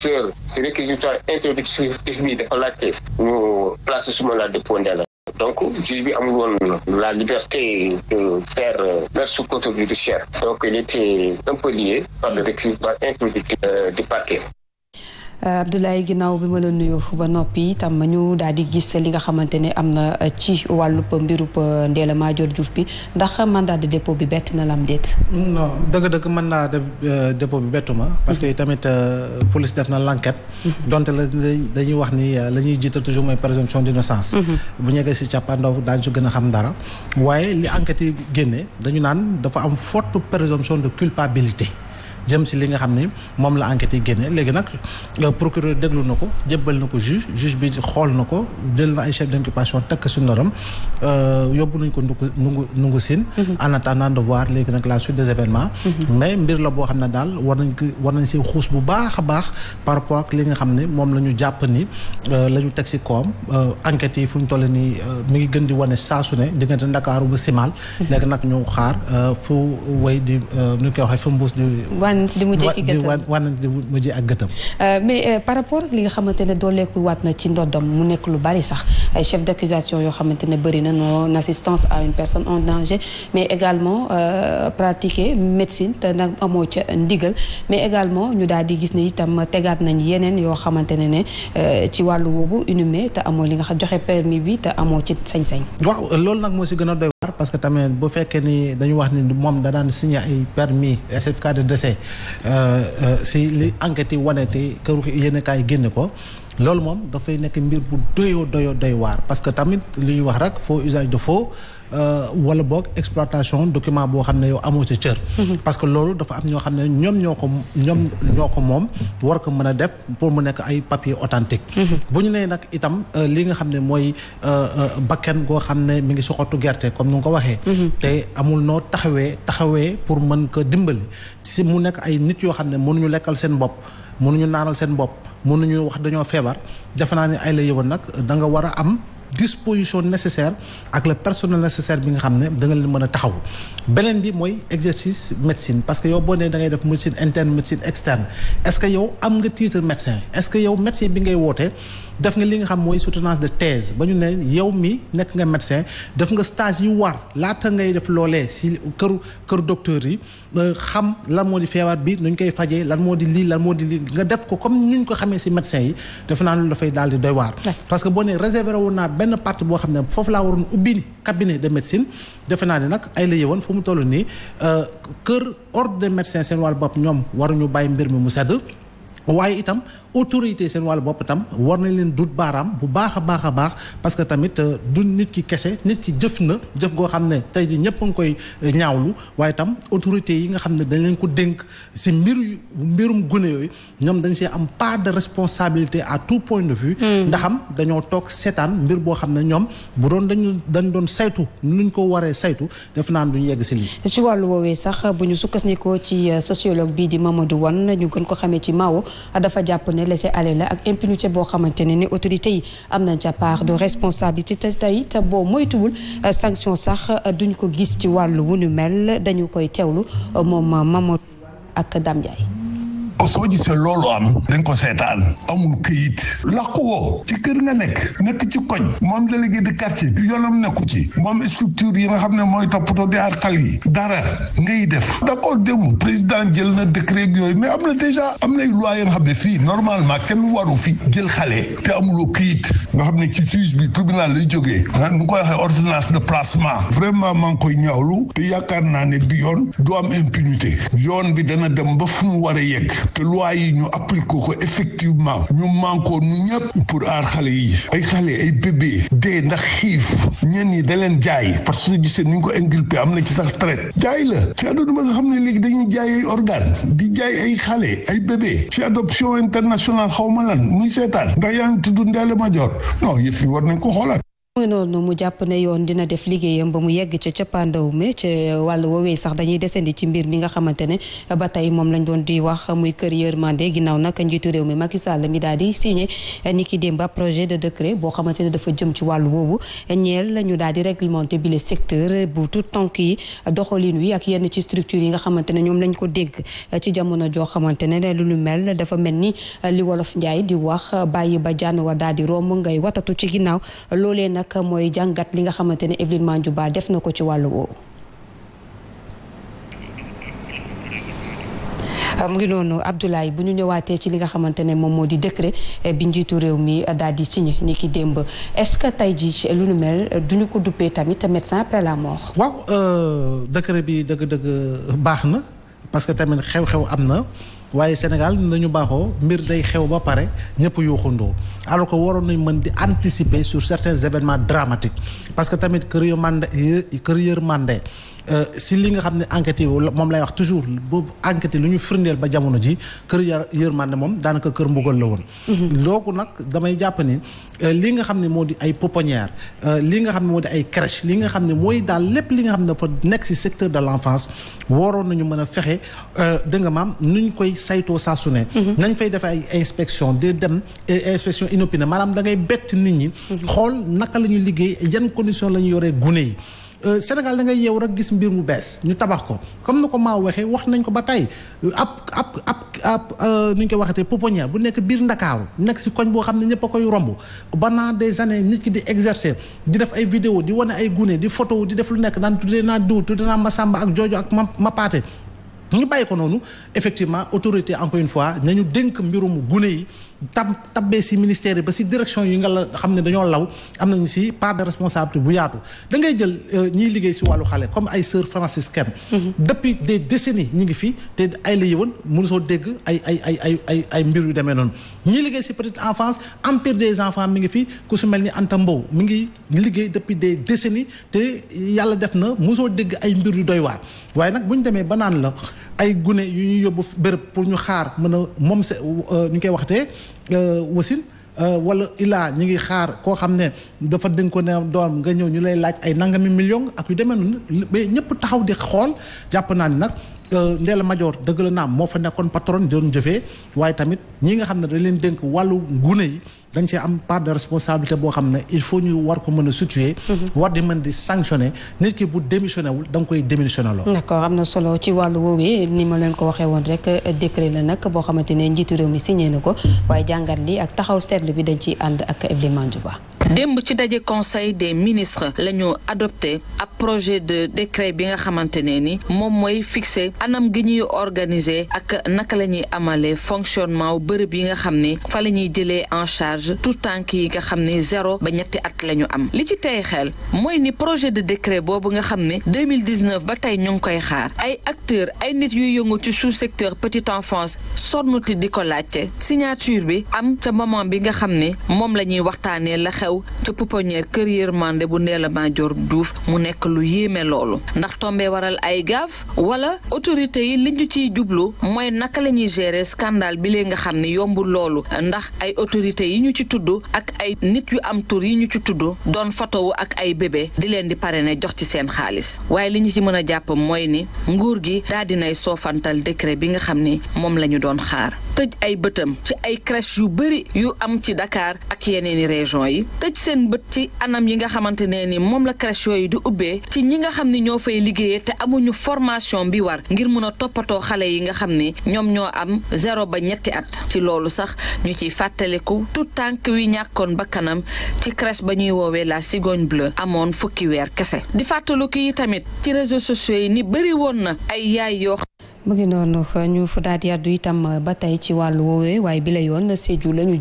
teur si réquisitoire introductif de dafa laajte ñu placé suma la dépondé la donc juge bi amul woon la liberté de faire mettre euh, sous contrôle judiciaire donc il était un peu lié par le réquisitoire introductif du parquet Euh, Abdoulaye ginnaaw bi ma la nuyu ba noppi itam ñu daal di gis li nga xamante ni am na euh, ci wàllub mbirub euh, Ndella Madior Diouf bi ndax mandat de dépôt bi bett na la am déet. non dëgg-dëgg mandat de dépôt bi bettu ma. parce que mhm. tamit police def na l'enquête. Mhm. donte la dañuy wax ni la ñuy jiital toujours mooy présomption d'innocence. Mhm. bu ñu yeggee si càppaandaw daañu si gën a xam dara waaye li enquête yi génne dañu naan dafa am forte présomption de culpabilité. jëm si li nga xam ni moom la enquête yi génne léegi nag euh, procureur déglu na ko jébbal na ko juge juge bi xool na ko jël na ay chef d'inculpation takk si noram euh, yóbbu nañ ko ndungu ndungu ndungu siin mhm. en attendant de voir léegi nag la suite des événements mhm. mais mbir la boo xam ne daal war nañ ko war nañ si xuus bu baax a baax par rapport li nga xam ne moom la ñu jàpp ni euh, la ñu teg si koom enquêtes yi fu ñu toll nii mi ngi gën di wane saa su ne diggante Ndakaaru ba Simal mhm. léegi nag ñu nañ ci euh, mais euh, par rapport ak li nga xamante ne dooleeku waat na ci ndoddam mu nekk lu bari sax ay chef d'accusation yoo xamante ne bëri na non assistance à une personne en danger mais également euh, pratiquer médecine te nag amoo ca ndigal mais également ñu daal di gis ne itam tegaat nañ yeneen yoo xamante ne ne ci wàllu woobu inhumé te amoo li nga xam joxe permis bi te amoo ci sañ-sañ waaw loolu nag moo si gën a doy parce que tamit bu fekkee ni dañu wax ni moom danaan daan signé ay permis certificat de décès euh, euh, si li enquête yi wane te këru yéen kaay génne ko loolu moom dafay nekk mbir bu doyoo doyoo doy waar parce que tamit li ñu wax rek foo usage de faux Euh, wala boog exploitation document boo xam ne yow amoo ca cër. Mhm. parce que loolu dafa am ñoo xam ne ñoom ñoo ko ñoom ñoo ko moom war ko mën a def pour mu nekk ay papier authentique mhm. bu ñu nee nag itam euh, li nga xam ne mooy euh, bakken goo xam ne mi ngi si gerte comme ni nga ko waxee. Mhm. te amul noo taxawee taxawee pour mën ko dimbali si mu nekk ay nit yoo xam ne mënuñu lekkal seen bopp mënuñu naanal seen bopp mënuñu wax dañoo feebar defe naa ne ay la yëwoon nag da nga war a am. disposition nécessaire ak le personnel nécessaire bi nga xam ne da nga leen mën a taxaw beneen bi mooy exercice médecine parce que yow boo nee da ngay def médecine interne médecine externe est-ce que yow am nga titre médecin est-ce que yow médecin bi ngay wootee def nga li nga xam mooy soutenance de thèse ba ñu ne yow mi nekk nga médecin def nga stage yi war laata ngay def loolee si kër këru docteur yi xam lan moo di feebar bi nuñ koy fajee lan moo di lii lan moo di lii nga def ko comme ñu ko xamee si médecin yi defe naa loolu dafay daal di doy parce que boo nee réservé woon naa benn partie xam ne foofu laa waroon ubbi cabinet de médecine defe naa ne nag ay la yëwoon fu mu toll nii euh, kër ordre des médecins seen wàllu bopp ñoom waruñu bàyyi mbir mi mu sedd. waaye itam autorité seen wàllu bopp itam war nañ leen dut baaraam bu baax a baax a baax parce que tamit euh, du nit ki kese nit ki jëf na jëf goo xam ne tey ji ñëpp a ngi koy euh, ñaawlu waaye itam autorité yi nga xam ne dañ leen ko dénk si mbir mbirum gune yooyu ñoom dañ see am part de responsabilité à tout point de vue hmm. ndaxam dañoo toog seetaan mbir boo xam ne ñoom bu doon dañu dañ doon saytu nuñ ko waree saytu def naan duñu yegg si lii ci wàllu woowee sax bu ñu sukkandikoo ci euh, sociologue bii di Mamadou Wane ñu gën ko xamee ci Mao dafa jàpp ne laisser aller la ak impunité boo xamante ne ne autorité yi am nañ ca part de responsabilité te tey te boo moytuwul euh, sanction sax euh, duñ ko gis ci wàll wu nu mel dañu koy teewlu euh, moom Mamadou ak Dame Ndiaye ko soo gisee loolu am dañ ko seetaan amul këyit làqu woo ci kër nga nekk nekk ci koñ moom délégué de quartier yoonam nekku ci moom structure yi nga xam ne mooy toppatoo di aar xal yi dara ngay def d'accord démb président jël na décret yooyu mais am na déjà am nay loi yi nga xam ne fii normalement kenn waru fi jël xale te amuloo këyit nga xam ne ci juge bi tribunal lay jógee nu koy waxee ordonnance de placement vraiment maa ngi koy ñaawlu te yaakaar naa ne bi yoon du am impunité yoon bi dana dem ba fu mu war a yegg te loi yi ñu appliqué ko effectivement ñu mànkoo nu ñëpp pour aar xale yi ay xale ay bébé dee ndax xiif ñenn ñi da leen jaay parce que suñu gisee ni ñu ko inculpé am na ci sax traite jaay la ci àdduna nga xam ne léegi dañuy jaay ay organe di ay xale ay bébé ci adoption internationale xaw ma lan muy seetaan ndax yaa ngi tudd Ndella Madior non yëf yi war nañ ko xoolaat mu noonu mu jàpp ne yoon dina def liggéeyam ba mu yegg ca cappaandaw mi ca wàllu woowee sax dañuy desandi ci mbir mi nga xamante ne ba tey moom lañ doon di wax muy kër yërmande ginnaaw nag njiitu réew mi Macky Sall mi daal di signé ni ki démb ab projet de décret boo xamante ne dafa jëm ci wàllu woowu ñeel la ñu daal di réglementé bi le secteur bu tout tànk yi doxalin wi ak yenn ci structure yi nga xamante ne ñoom lañ ko dégg ci jamono joo xamante ne lu ñu mel dafa mel ni li wolof njaay di wax bàyyi ba jaan wa nag mooy jàngat li nga xamante ne Evelyne Mandiou Ba def na ko ci wàllu woowu. mu ngi noonu Abdoulaye bu ñu ñëwaatee ci li nga xamante ne moom moo di décret eh, bi njiitu réew mi daal di signé ni ki démb est-ce que tey jii lu nu mel duñu ko duppee tamit médecin après la mort. waaw euh, décret bi dëgg-dëgg baax na parce que tamit xew-xew am na. waaye Sénégal nañu baaxoo mbir day xew ba pare ñëpp yuuxundoo alors que waroon nañ mën di anticiper sur certains événements dramatiques parce que tamit kër yërmande kër yërmande Euh, si li nga xam ne enquêtes yi moom lay wax toujours boobu enquêtes yi lu ñu firndeel ba jamono ji kër yar yërmande moom daanaka kër mbugal la woon. Mhm. looku nag damay jàpp ni euh, li nga xam ne moo di ay pouponnière euh, li nga xam moo di ay crèche li nga xam ne mooy daal lépp li nga xam ne dafa nekk si secteur de l' enfance waroon nañu mën a fexe dégg nga maam nuñ koy saytoo saa su ne. Mhm. nañ fay defee ay inspection de dem eh, inspection inopinée maanaam da ngay bett nit ñi. Mhm. xool naka la ñu liggéey yan condition la ñu yoree gune yi. Euh, Sénégal da ngay yeew rek gis mbir mu bees ñu tabax ko comme ni ko maa waxee wax nañ ko ba tey ab ab ab ab euh, nu ñu koy waxatee pouponnière bu nekk biir Ndakaaru nekk si koñ boo xam ne ñëpp a koy romb ba naa des années nit ki di exercer di def ay vidéo di wane ay gune di photo di def lu nekk naan tuddee naa diw tuddee naa Masamba ak joojo ak ma ma Mapaate ñu bàyyi ko noonu effectivement autorité encore une fois nañu dénk mbirum gune yi tab tabe si ministère yi ba si direction yi nga la xam ne dañoo law am nañu si part de responsabilité bu yaatu da ngay jël euh, ñiy liggéey si wàllu xale comme ay sœurs franciscaines mhm. depuis des décennies ñi ngi fi te ay la yëwan mënu soo dégg ay ay ay ay ay ay mbir yu demee noonu ñiy liggéey si petite enfance empire des enfants mi ngi fi ku su mel ni Anta Mbow mi ngi liggéey depuis des décennies te yàlla def na mësoo dégg ay mbir yu doy waaye nag bu ñu demee ba naan la ay gune yu ñu yóbbu bërëb pour ñu xaar mën a moom se euh, ñu koy waxtee euh, wasin euh, wala ilaa ñi ngi xaar koo xam ne dafa dënkoon doom nga ñëw ñu lay laaj ay nangami million ak yu demee noonu ba ñëpp taxaw di xool jàpp naa ne nag Ndella Madior dëgg la naam moo fa nekkoon patron doon jëfee waaye tamit ñi nga xam ne da leen dénk wàllu gune yi dañ ci am part de responsabilité boo xam ne il faut ñu war ko mën a situer. Mhm. war di mën di sanctionner nit ki bu démissionné wul da nga koy démissionné loo. ko am na solo ci wàllu woowee ni ma leen ko waxee woon rek décret la nag boo xamante ne njiitu réew mi signé na ko waaye jàngat lii ak taxaw seetlu bi dañ ciy ànd ak Evelyne ba démb ci daje conseil des ministres la ñu adopté ab projet de décret bi nga xamante ne ni moom mooy fixé anam gi ñuy organiser ak naka la ñuy amalee fonctionnement wu bërëb yi nga xam ne fa la ñuy jëlee en charge tout tànk yi nga xam ne zéro ba ñetti at la ñu am li ci tey xel mooy ni projet de décret boobu nga xam ne 2019 ba tey ñu ngi koy xaar ay acteurs ay nit yuy yëngu ci sous secteur petite enfance sonnuti di ko laajte signature bi am ca moment bi nga xam ne moom la ñuy waxtaanee la xew xew ca pouponnière kër yërmande bu Ndella Madior Diouf mu nekk lu yéeme loolu ndax tombe waral ay gaaf wala autorité yi li ñu ciy jublu mooy naka la ñuy gérer scandale bi lee nga xam ni yombul loolu ndax ay autorité yi ñu ci tudd ak ay nit yu am tur yi ñu ci tudd doon fotowu ak ay bébé di leen di pare parrainer jox ci seen xaalis waaye li ñu ci mën a jàpp mooy ni nguur gi daal dinay soofantal décret bi nga xam ni moom lañu doon xaar tëj ay bëtam ci ay crèche yu bëri yu am ci Dakar yeneeni région yi tëj seen bët ci anam yi nga xamante ne ni moom la crèche yooyu di ubbee ci ñi nga xam ni ñoo fay liggéeyee te amu ñu formation bi war ngir mun a toppatoo xale yi nga xam ni ñoom ñoo am zéro ba ñetti at ci loolu sax ñu ciy fàttaliku tout tànk wi ñàkkoon kanam ci crèche ba ñuy woowee la cigogne bleue amoon fukki weer kese di fàttaliku yi tamit ci réseau sociaux yi ni bëri woon na ay yaay yoo mu ngi ñu fu daat itam ba tey ci wàllu woowee waaye bi